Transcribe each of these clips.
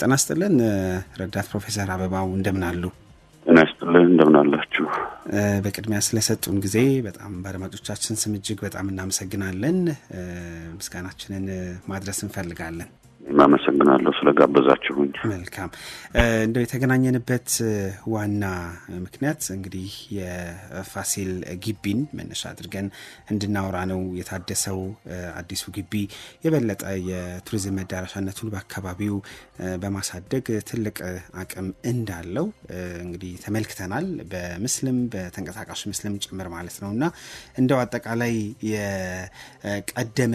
ጤና ይስጥልን ረዳት ፕሮፌሰር አበባው እንደምን አሉ? ጤና ይስጥልን እንደምን አላችሁ? በቅድሚያ ስለሰጡን ጊዜ በጣም በአድማጮቻችን ስም እጅግ በጣም እናመሰግናለን። ምስጋናችንን ማድረስ እንፈልጋለን። አመሰግናለሁ ስለጋበዛችሁኝ። መልካም እንደው የተገናኘንበት ዋና ምክንያት እንግዲህ የፋሲል ግቢን መነሻ አድርገን እንድናወራ ነው። የታደሰው አዲሱ ግቢ የበለጠ የቱሪዝም መዳረሻነቱን በአካባቢው በማሳደግ ትልቅ አቅም እንዳለው እንግዲህ ተመልክተናል፣ በምስልም በተንቀሳቃሽ ምስልም ጭምር ማለት ነው እና እንደው አጠቃላይ የቀደመ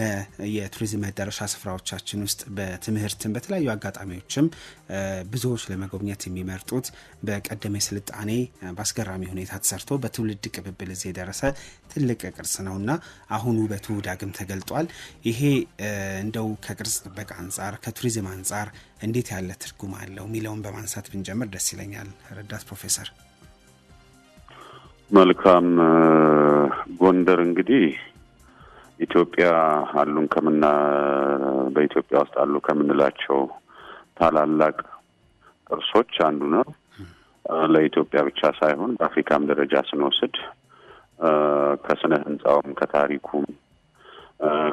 የቱሪዝም መዳረሻ ስፍራዎቻችን ውስጥ ትምህርትን በተለያዩ አጋጣሚዎችም ብዙዎች ለመጎብኘት የሚመርጡት በቀደመ ስልጣኔ በአስገራሚ ሁኔታ ተሰርቶ በትውልድ ቅብብል እዚህ የደረሰ ትልቅ ቅርስ ነውና አሁን ውበቱ ዳግም ተገልጧል። ይሄ እንደው ከቅርስ ጥበቃ አንጻር ከቱሪዝም አንጻር እንዴት ያለ ትርጉም አለው የሚለውን በማንሳት ብንጀምር ደስ ይለኛል። ረዳት ፕሮፌሰር መልካም ጎንደር እንግዲህ ኢትዮጵያ አሉን ከምና በኢትዮጵያ ውስጥ አሉ ከምንላቸው ታላላቅ ቅርሶች አንዱ ነው። ለኢትዮጵያ ብቻ ሳይሆን በአፍሪካም ደረጃ ስንወስድ ከስነ ህንፃውም ከታሪኩም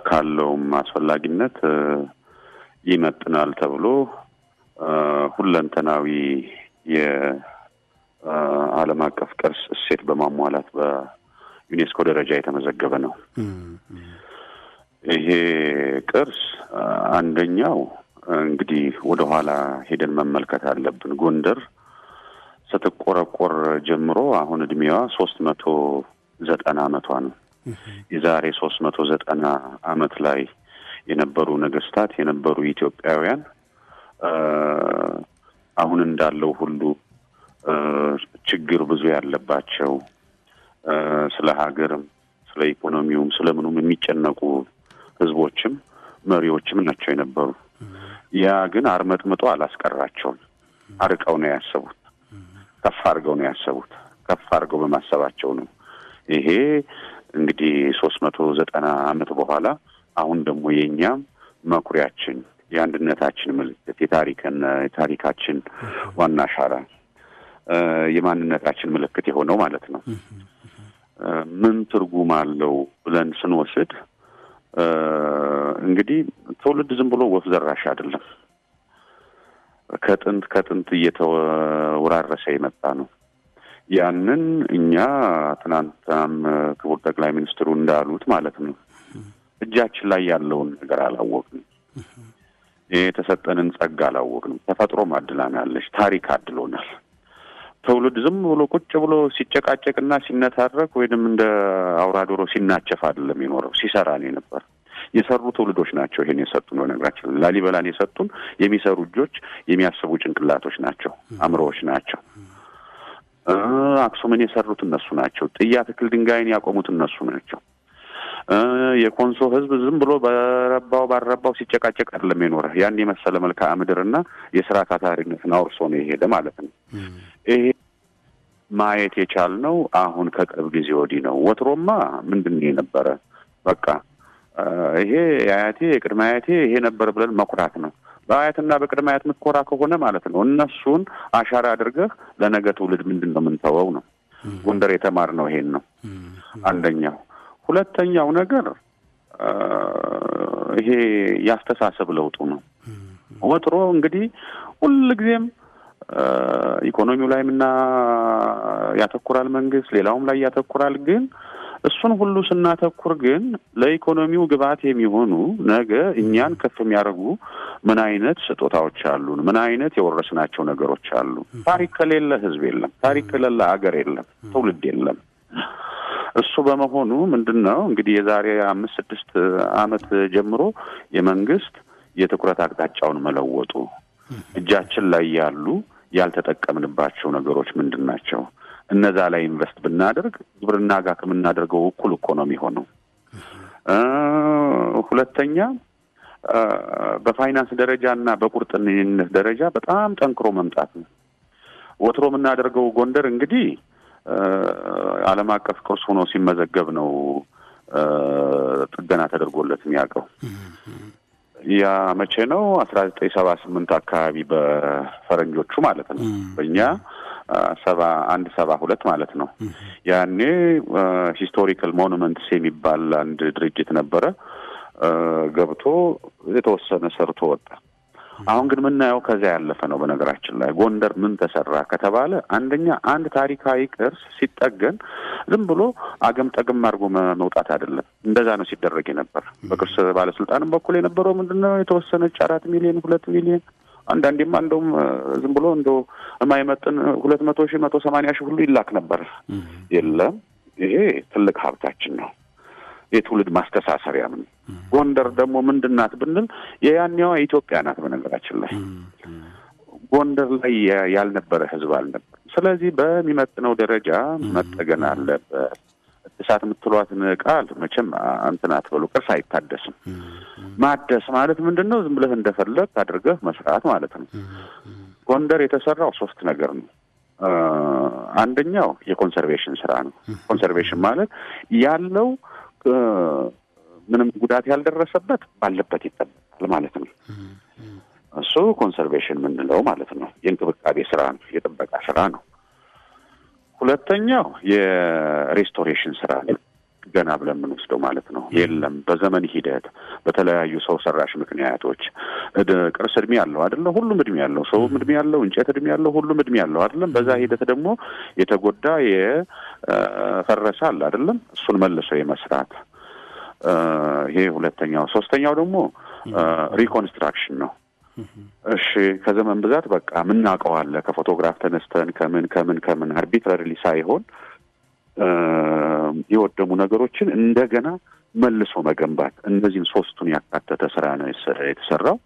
ካለውም አስፈላጊነት ይመጥናል ተብሎ ሁለንተናዊ የዓለም አቀፍ ቅርስ እሴት በማሟላት ዩኔስኮ ደረጃ የተመዘገበ ነው። ይሄ ቅርስ አንደኛው እንግዲህ ወደኋላ ሄደን መመልከት አለብን። ጎንደር ስትቆረቆር ጀምሮ አሁን እድሜዋ ሶስት መቶ ዘጠና አመቷ ነው። የዛሬ ሶስት መቶ ዘጠና አመት ላይ የነበሩ ነገስታት የነበሩ ኢትዮጵያውያን አሁን እንዳለው ሁሉ ችግር ብዙ ያለባቸው ስለ ሀገርም፣ ስለ ኢኮኖሚውም፣ ስለ ምኑም የሚጨነቁ ህዝቦችም መሪዎችም ናቸው የነበሩ። ያ ግን አርመጥምጦ አላስቀራቸውም። አርቀው ነው ያሰቡት። ከፍ አድርገው ነው ያሰቡት። ከፍ አድርገው በማሰባቸው ነው ይሄ እንግዲህ ሶስት መቶ ዘጠና አመት በኋላ አሁን ደግሞ የእኛም መኩሪያችን የአንድነታችን ምልክት የታሪክና የታሪካችን ዋና አሻራ የማንነታችን ምልክት የሆነው ማለት ነው ምን ትርጉም አለው ብለን ስንወስድ እንግዲህ ትውልድ ዝም ብሎ ወፍ ዘራሽ አይደለም። ከጥንት ከጥንት እየተወራረሰ የመጣ ነው። ያንን እኛ ትናንትናም ክቡር ጠቅላይ ሚኒስትሩ እንዳሉት ማለት ነው እጃችን ላይ ያለውን ነገር አላወቅንም። ይህ የተሰጠንን ጸጋ አላወቅንም። ተፈጥሮ አድላናለች። ታሪክ አድሎናል። ትውልድ ዝም ብሎ ቁጭ ብሎ ሲጨቃጨቅና ሲነታረክ ወይንም እንደ አውራ ዶሮ ሲናቸፍ አይደለም የኖረው፣ ሲሰራ ነው የነበር። የሰሩ ትውልዶች ናቸው ይሄን የሰጡን። በነገራችን ላሊበላን የሰጡን የሚሰሩ እጆች፣ የሚያስቡ ጭንቅላቶች ናቸው፣ አእምሮዎች ናቸው። አክሱምን የሰሩት እነሱ ናቸው። ጥያ ትክል ድንጋይን ያቆሙት እነሱ ናቸው። የኮንሶ ህዝብ ዝም ብሎ በረባው ባረባው ሲጨቃጨቅ አይደለም የኖረ ያን የመሰለ መልክዓ ምድርና የስራ ታታሪነትን አውርሶ ነው የሄደ ማለት ነው። ይሄ ማየት የቻልነው አሁን ከቅርብ ጊዜ ወዲህ ነው። ወትሮማ ምንድን የነበረ? በቃ ይሄ የአያቴ የቅድመ አያቴ ይሄ ነበር ብለን መኩራት ነው። በአያትና በቅድመ አያት የምትኮራ ከሆነ ማለት ነው እነሱን አሻራ አድርገህ ለነገ ትውልድ ምንድን ነው የምንተወው ነው። ጎንደር የተማርነው ይሄን ነው አንደኛው። ሁለተኛው ነገር ይሄ ያስተሳሰብ ለውጡ ነው። ወትሮ እንግዲህ ሁልጊዜም ኢኮኖሚው ላይም እና ያተኩራል መንግስት፣ ሌላውም ላይ ያተኩራል። ግን እሱን ሁሉ ስናተኩር ግን ለኢኮኖሚው ግብዓት የሚሆኑ ነገ እኛን ከፍ የሚያደርጉ ምን አይነት ስጦታዎች አሉን? ምን አይነት የወረስናቸው ነገሮች አሉ? ታሪክ ከሌለ ህዝብ የለም። ታሪክ ከሌለ አገር የለም፣ ትውልድ የለም። እሱ በመሆኑ ምንድን ነው እንግዲህ የዛሬ አምስት ስድስት ዓመት ጀምሮ የመንግስት የትኩረት አቅጣጫውን መለወጡ እጃችን ላይ ያሉ ያልተጠቀምንባቸው ነገሮች ምንድን ናቸው? እነዛ ላይ ኢንቨስት ብናደርግ ግብርና ጋር ከምናደርገው እኩል እኮ ነው የሚሆነው። ሁለተኛ በፋይናንስ ደረጃ እና በቁርጠኝነት ደረጃ በጣም ጠንክሮ መምጣት ነው። ወትሮ የምናደርገው ጎንደር እንግዲህ ዓለም አቀፍ ቅርስ ሆኖ ሲመዘገብ ነው ጥገና ተደርጎለት የሚያውቀው። ያ መቼ ነው? አስራ ዘጠኝ ሰባ ስምንት አካባቢ በፈረንጆቹ ማለት ነው። በእኛ ሰባ አንድ ሰባ ሁለት ማለት ነው። ያኔ ሂስቶሪካል ሞኑመንትስ የሚባል አንድ ድርጅት ነበረ ገብቶ የተወሰነ ሰርቶ ወጣ። አሁን ግን የምናየው ከዚያ ያለፈ ነው። በነገራችን ላይ ጎንደር ምን ተሰራ ከተባለ አንደኛ አንድ ታሪካዊ ቅርስ ሲጠገን ዝም ብሎ አገም ጠገም አድርጎ መውጣት አይደለም። እንደዛ ነው ሲደረግ የነበር። በቅርስ ባለስልጣንም በኩል የነበረው ምንድን ነው የተወሰነች አራት ሚሊዮን ሁለት ሚሊዮን አንዳንዴማ እንደውም ዝም ብሎ እንደው የማይመጥን ሁለት መቶ ሺህ መቶ ሰማንያ ሺህ ሁሉ ይላክ ነበር። የለም ይሄ ትልቅ ሀብታችን ነው። የትውልድ ማስተሳሰሪያም ነው። ጎንደር ደግሞ ምንድን ናት ብንል የያኔዋ ኢትዮጵያ ናት። በነገራችን ላይ ጎንደር ላይ ያልነበረ ህዝብ አልነበር። ስለዚህ በሚመጥነው ደረጃ መጠገን አለበት። እሳት የምትሏትን ቃል መቼም እንትን አትበሉ፣ ቅርስ አይታደስም። ማደስ ማለት ምንድን ነው? ዝም ብለህ እንደፈለግ አድርገህ መስራት ማለት ነው። ጎንደር የተሰራው ሶስት ነገር ነው። አንደኛው የኮንሰርቬሽን ስራ ነው። ኮንሰርቬሽን ማለት ያለው ምንም ጉዳት ያልደረሰበት ባለበት ይጠበቃል ማለት ነው። እሱ ኮንሰርቬሽን የምንለው ማለት ነው። የእንክብካቤ ስራ ነው፣ የጥበቃ ስራ ነው። ሁለተኛው የሬስቶሬሽን ስራ ነው። ገና ብለን የምንወስደው ማለት ነው። የለም በዘመን ሂደት በተለያዩ ሰው ሰራሽ ምክንያቶች ቅርስ እድሜ ያለው አይደለም፣ ሁሉም እድሜ ያለው ሰውም እድሜ ያለው እንጨት እድሜ ያለው ሁሉም እድሜ ያለው አይደለም። በዛ ሂደት ደግሞ የተጎዳ የፈረሰ አለ አይደለም፣ እሱን መልሶ የመስራት ይሄ ሁለተኛው። ሶስተኛው ደግሞ ሪኮንስትራክሽን ነው። እሺ ከዘመን ብዛት በቃ የምናውቀው አለ ከፎቶግራፍ ተነስተን ከምን ከምን ከምን አርቢትራሪ ሳይሆን የወደሙ ነገሮችን እንደገና መልሶ መገንባት እነዚህን ሶስቱን ያካተተ ስራ ነው የተሰራው።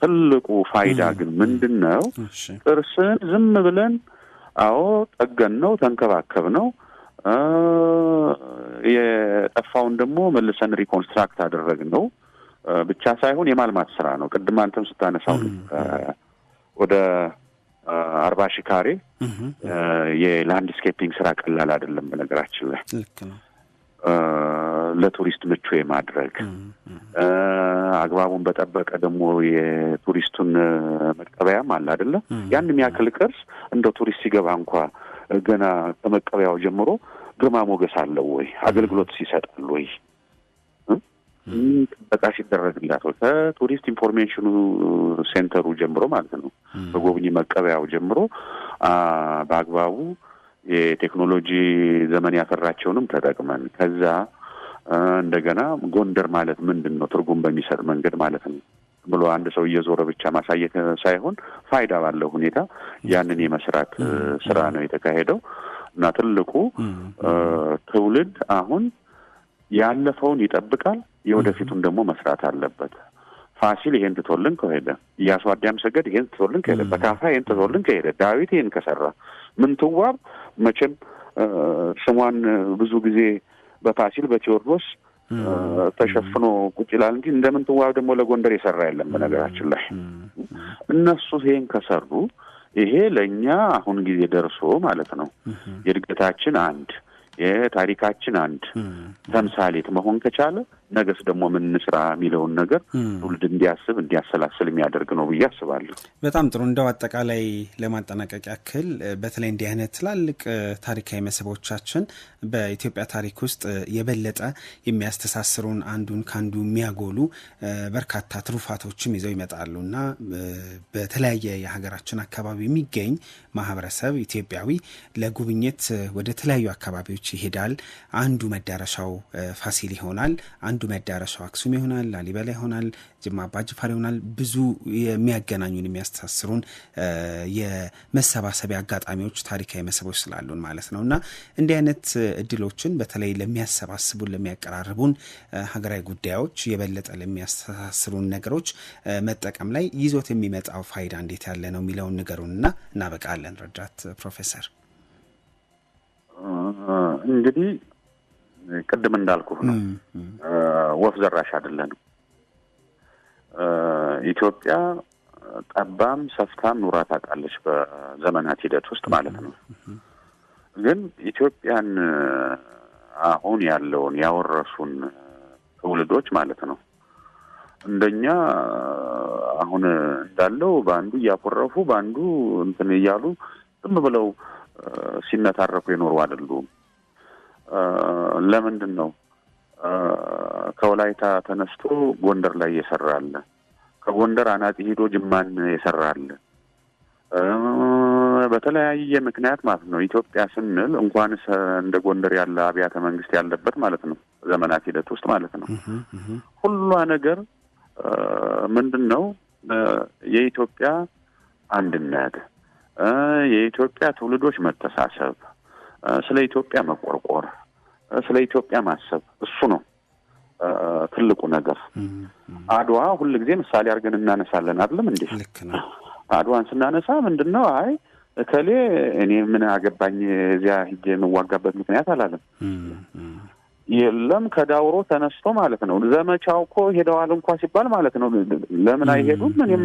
ትልቁ ፋይዳ ግን ምንድን ነው? ጥርስን ዝም ብለን አዎ ጠገን ነው ተንከባከብ ነው የጠፋውን ደግሞ መልሰን ሪኮንስትራክት አደረግን ነው ብቻ ሳይሆን የማልማት ስራ ነው። ቅድም አንተም ስታነሳው ወደ አርባ ሺ ካሬ የላንድስኬፒንግ ስራ ቀላል አይደለም። በነገራችን ላይ ለቱሪስት ምቹ የማድረግ አግባቡን በጠበቀ ደግሞ የቱሪስቱን መቀበያም አለ አይደለም። ያን የሚያክል ቅርስ እንደ ቱሪስት ሲገባ እንኳ ገና ከመቀበያው ጀምሮ ግርማ ሞገስ አለው ወይ? አገልግሎት ይሰጣል ወይ? ጥበቃ ሲደረግላት ከቱሪስት ኢንፎርሜሽኑ ሴንተሩ ጀምሮ ማለት ነው፣ በጎብኚ መቀበያው ጀምሮ በአግባቡ የቴክኖሎጂ ዘመን ያፈራቸውንም ተጠቅመን ከዛ እንደገና ጎንደር ማለት ምንድን ነው ትርጉም በሚሰጥ መንገድ ማለት ነው ብሎ አንድ ሰው እየዞረ ብቻ ማሳየት ሳይሆን ፋይዳ ባለው ሁኔታ ያንን የመስራት ስራ ነው የተካሄደው። እና ትልቁ ትውልድ አሁን ያለፈውን ይጠብቃል፣ የወደፊቱን ደግሞ መስራት አለበት። ፋሲል ይሄን ትቶልን ከሄደ፣ ኢያሱ ሰገድ ይሄን ትቶልን ከሄደ፣ በካፋ ይሄን ትቶልን ከሄደ፣ ዳዊት ይሄን ከሰራ ምንትዋብ መቼም ስሟን ብዙ ጊዜ በፋሲል በቴዎድሮስ ተሸፍኖ ቁጭ ይላል እንጂ እንደ ደግሞ ለጎንደር የሰራ የለም። በነገራችን ላይ እነሱ ይሄን ከሰሩ ይሄ ለእኛ አሁን ጊዜ ደርሶ ማለት ነው የእድገታችን አንድ የታሪካችን አንድ ተምሳሌት መሆን ከቻለ ነገስ ደግሞ ምን የሚለውን ነገር ትውልድ እንዲያስብ እንዲያሰላስል የሚያደርግ ነው ብዬ አስባለሁ። በጣም ጥሩ። እንደው አጠቃላይ ለማጠናቀቅ ያክል በተለይ እንዲህ አይነት ትላልቅ ታሪካዊ መስህቦቻችን በኢትዮጵያ ታሪክ ውስጥ የበለጠ የሚያስተሳስሩን አንዱን ከአንዱ የሚያጎሉ በርካታ ትሩፋቶችም ይዘው ይመጣሉ እና በተለያየ የሀገራችን አካባቢ የሚገኝ ማህበረሰብ ኢትዮጵያዊ ለጉብኝት ወደ ተለያዩ አካባቢዎች ይሄዳል። አንዱ መዳረሻው ፋሲል ይሆናል። አንዱ አንዱ መዳረሻው አክሱም ይሆናል፣ ላሊበላ ይሆናል፣ ጅማ አባጅፋር ይሆናል። ብዙ የሚያገናኙን የሚያስተሳስሩን የመሰባሰቢያ አጋጣሚዎች፣ ታሪካዊ መስህቦች ስላሉን ማለት ነው እና እንዲህ አይነት እድሎችን በተለይ ለሚያሰባስቡን፣ ለሚያቀራርቡን ሀገራዊ ጉዳዮች የበለጠ ለሚያስተሳስሩን ነገሮች መጠቀም ላይ ይዞት የሚመጣው ፋይዳ እንዴት ያለ ነው የሚለውን ንገሩንና እናበቃለን። ረዳት ፕሮፌሰር እንግዲህ ቅድም እንዳልኩ ነው፣ ወፍ ዘራሽ አይደለንም። ኢትዮጵያ ጠባም ሰፍታም ኑራ ታውቃለች፣ በዘመናት ሂደት ውስጥ ማለት ነው። ግን ኢትዮጵያን አሁን ያለውን ያወረሱን ትውልዶች ማለት ነው እንደኛ አሁን እንዳለው በአንዱ እያኮረፉ በአንዱ እንትን እያሉ ዝም ብለው ሲነታረኩ የኖሩ አይደሉም። ለምንድን ነው ከወላይታ ተነስቶ ጎንደር ላይ እየሰራ አለ። ከጎንደር አናጢ ሄዶ ጅማን የሰራ አለ። በተለያየ ምክንያት ማለት ነው። ኢትዮጵያ ስንል እንኳንስ እንደ ጎንደር ያለ አብያተ መንግስት ያለበት ማለት ነው፣ ዘመናት ሂደት ውስጥ ማለት ነው። ሁሏ ነገር ምንድን ነው የኢትዮጵያ አንድነት፣ የኢትዮጵያ ትውልዶች መተሳሰብ ስለ ኢትዮጵያ መቆርቆር፣ ስለ ኢትዮጵያ ማሰብ እሱ ነው ትልቁ ነገር። አድዋ ሁል ጊዜ ምሳሌ አድርገን እናነሳለን አይደለም እንዴ? አድዋን ስናነሳ ምንድን ነው አይ እከሌ እኔ ምን አገባኝ እዚያ ሂጅ የምዋጋበት ምክንያት አላለም። የለም ከዳውሮ ተነስቶ ማለት ነው። ዘመቻው እኮ ሄደዋል እንኳ ሲባል ማለት ነው ለምን አይሄዱም? እኔም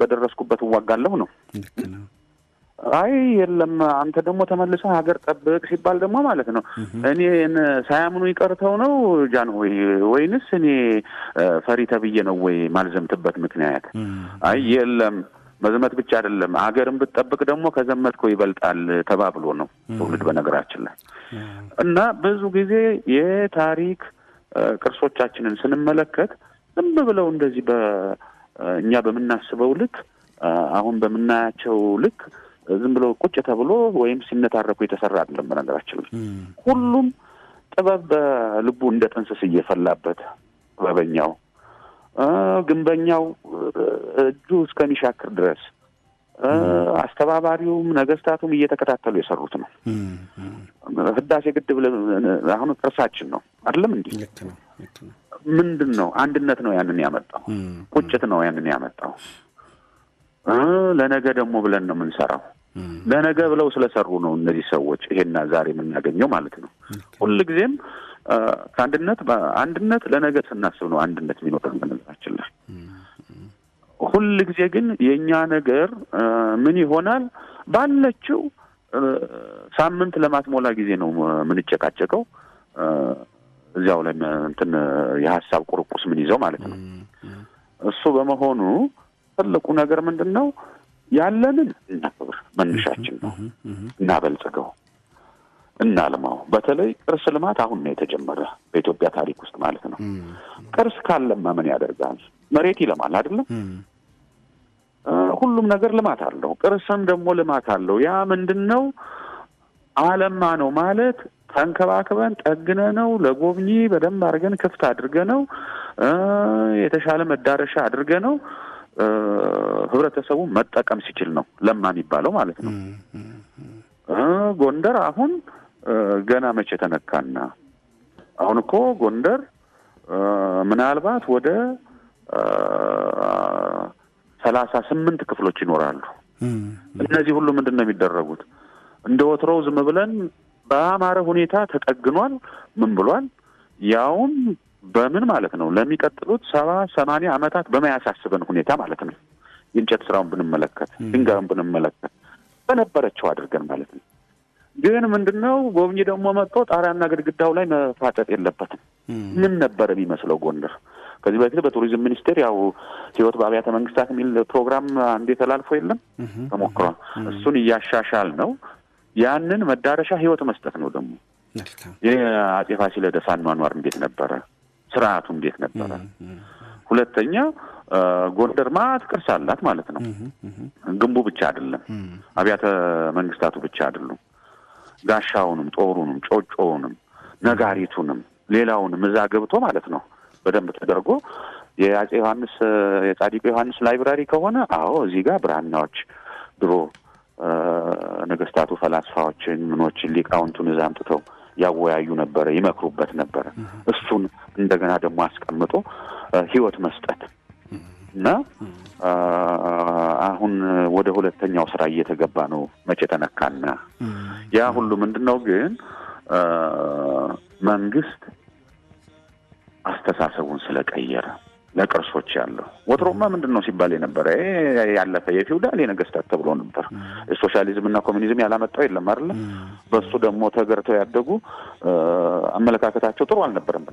በደረስኩበት እዋጋለሁ ነው። አይ የለም አንተ ደግሞ ተመልሰ ሀገር ጠብቅ ሲባል ደግሞ ማለት ነው እኔ ሳያምኑ ይቀርተው ነው ጃን ሆይ ወይንስ እኔ ፈሪ ተብዬ ነው ወይ ማልዘምትበት ምክንያት? አይ የለም መዝመት ብቻ አይደለም ሀገርን ብትጠብቅ ደግሞ ከዘመትኮ ይበልጣል ተባብሎ ነው ትውልድ በነገራችን ላይ እና ብዙ ጊዜ የታሪክ ቅርሶቻችንን ስንመለከት ዝም ብለው እንደዚህ በእኛ በምናስበው ልክ አሁን በምናያቸው ልክ ዝም ብሎ ቁጭ ተብሎ ወይም ሲነታረኩ የተሰራ አይደለም። በነገራችን ሁሉም ጥበብ በልቡ እንደ ጥንስስ እየፈላበት ጥበበኛው፣ ግንበኛው እጁ እስከሚሻክር ድረስ አስተባባሪውም ነገስታቱም እየተከታተሉ የሰሩት ነው። ህዳሴ ግድብ አሁን ቅርሳችን ነው አይደለም? እንዲህ ምንድን ነው አንድነት ነው ያንን ያመጣው፣ ቁጭት ነው ያንን ያመጣው። ለነገ ደግሞ ብለን ነው የምንሰራው። ለነገ ብለው ስለሰሩ ነው እነዚህ ሰዎች ይሄና ዛሬ የምናገኘው ማለት ነው። ሁልጊዜም ከአንድነት አንድነት ለነገ ስናስብ ነው አንድነት የሚኖረን በነገራችን ላይ። ጊዜ ግን የእኛ ነገር ምን ይሆናል ባለችው ሳምንት ለማትሞላ ጊዜ ነው የምንጨቃጨቀው እዚያው ላይ እንትን የሀሳብ ቁርቁስ ምን ይዘው ማለት ነው እሱ በመሆኑ ትልቁ ነገር ምንድን ነው? ያለንን እናክብር፣ መነሻችን ነው። እናበልጽገው፣ እናልማው። በተለይ ቅርስ ልማት አሁን ነው የተጀመረ በኢትዮጵያ ታሪክ ውስጥ ማለት ነው። ቅርስ ካለማ ምን ያደርጋል? መሬት ይለማል አይደለም? ሁሉም ነገር ልማት አለው። ቅርስም ደግሞ ልማት አለው። ያ ምንድን ነው? አለማ ነው ማለት ተንከባክበን ጠግነ ነው ለጎብኚ በደንብ አድርገን ክፍት አድርገ ነው የተሻለ መዳረሻ አድርገ ነው ህብረተሰቡ መጠቀም ሲችል ነው ለማ የሚባለው ማለት ነው። ጎንደር አሁን ገና መቼ ተነካና? አሁን እኮ ጎንደር ምናልባት ወደ ሰላሳ ስምንት ክፍሎች ይኖራሉ። እነዚህ ሁሉ ምንድን ነው የሚደረጉት? እንደ ወትሮው ዝም ብለን በአማረ ሁኔታ ተጠግኗል። ምን ብሏል? ያውም በምን ማለት ነው? ለሚቀጥሉት ሰባ ሰማንያ ዓመታት በማያሳስበን ሁኔታ ማለት ነው። የእንጨት ስራውን ብንመለከት፣ ድንጋዩን ብንመለከት በነበረችው አድርገን ማለት ነው። ግን ምንድን ነው ጎብኚ ደግሞ መጥቶ ጣሪያና ግድግዳው ላይ መፋጠጥ የለበትም። ምን ነበር የሚመስለው ጎንደር? ከዚህ በፊት በቱሪዝም ሚኒስቴር ያው ህይወት በአብያተ መንግስታት የሚል ፕሮግራም አንዴ ተላልፎ የለም ተሞክሯል። እሱን እያሻሻል ነው። ያንን መዳረሻ ህይወት መስጠት ነው ደግሞ የአጼ ፋሲለደስ አኗኗር እንዴት ነበረ ስርዓቱ እንዴት ነበረ? ሁለተኛ ጎንደር ማት ቅርስ አላት ማለት ነው። ግንቡ ብቻ አይደለም፣ አብያተ መንግስታቱ ብቻ አይደሉም። ጋሻውንም፣ ጦሩንም፣ ጮጮውንም፣ ነጋሪቱንም ሌላውንም እዛ ገብቶ ማለት ነው በደንብ ተደርጎ የአጼ ዮሐንስ የጻዲቁ ዮሐንስ ላይብራሪ ከሆነ አዎ እዚህ ጋር ብራናዎች ድሮ ነገስታቱ ፈላስፋዎችን ምኖችን ሊቃውንቱን እዛ አምጥተው ያወያዩ ነበረ፣ ይመክሩበት ነበረ። እሱ እንደገና ደግሞ አስቀምጦ ህይወት መስጠት እና አሁን ወደ ሁለተኛው ስራ እየተገባ ነው። መቼ ተነካና ያ ሁሉ ምንድን ነው ግን መንግስት አስተሳሰቡን ስለቀየረ ለቅርሶች ያለው ወትሮማ ምንድን ነው ሲባል የነበረ ያለፈ የፊውዳል የነገስታት ተብሎ ነበር። ሶሻሊዝምና ኮሚኒዝም ያላመጣው የለም አይደለም። በሱ ደግሞ ተገርተው ያደጉ አመለካከታቸው ጥሩ አልነበረም።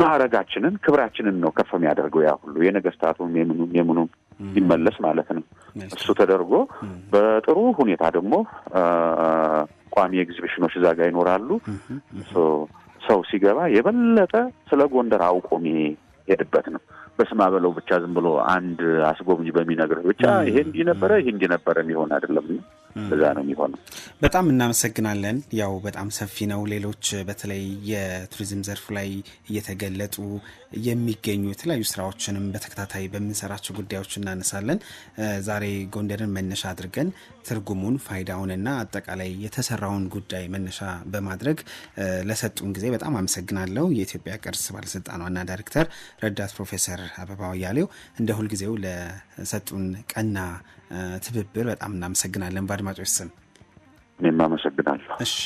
ማዕረጋችንን ክብራችንን ነው ከፍ የሚያደርገው። ያ ሁሉ የነገስታቱም የምኑም የምኑም ይመለስ ማለት ነው። እሱ ተደርጎ በጥሩ ሁኔታ ደግሞ ቋሚ ኤግዚቢሽኖች እዛ ጋር ይኖራሉ። ሰው ሲገባ የበለጠ ስለ ጎንደር አውቆ የሚሄድበት ነው። በስማ በለው ብቻ ዝም ብሎ አንድ አስጎብኝ በሚነግርህ ብቻ ይሄ እንዲህ ነበረ ይሄ እንዲህ ነበረ የሚሆን አይደለም። እዛ ነው የሚሆነው። በጣም እናመሰግናለን። ያው በጣም ሰፊ ነው። ሌሎች በተለይ የቱሪዝም ዘርፍ ላይ እየተገለጡ የሚገኙ የተለያዩ ስራዎችንም በተከታታይ በምንሰራቸው ጉዳዮች እናነሳለን። ዛሬ ጎንደርን መነሻ አድርገን ትርጉሙን፣ ፋይዳውንና አጠቃላይ የተሰራውን ጉዳይ መነሻ በማድረግ ለሰጡን ጊዜ በጣም አመሰግናለሁ። የኢትዮጵያ ቅርስ ባለስልጣን ዋና ዳይሬክተር ረዳት ፕሮፌሰር አበባ ያሌው እንደ ሁልጊዜው ለሰጡን ቀና ትብብር በጣም እናመሰግናለን በአድማጮች ስም እኔም አመሰግናለሁ። እሺ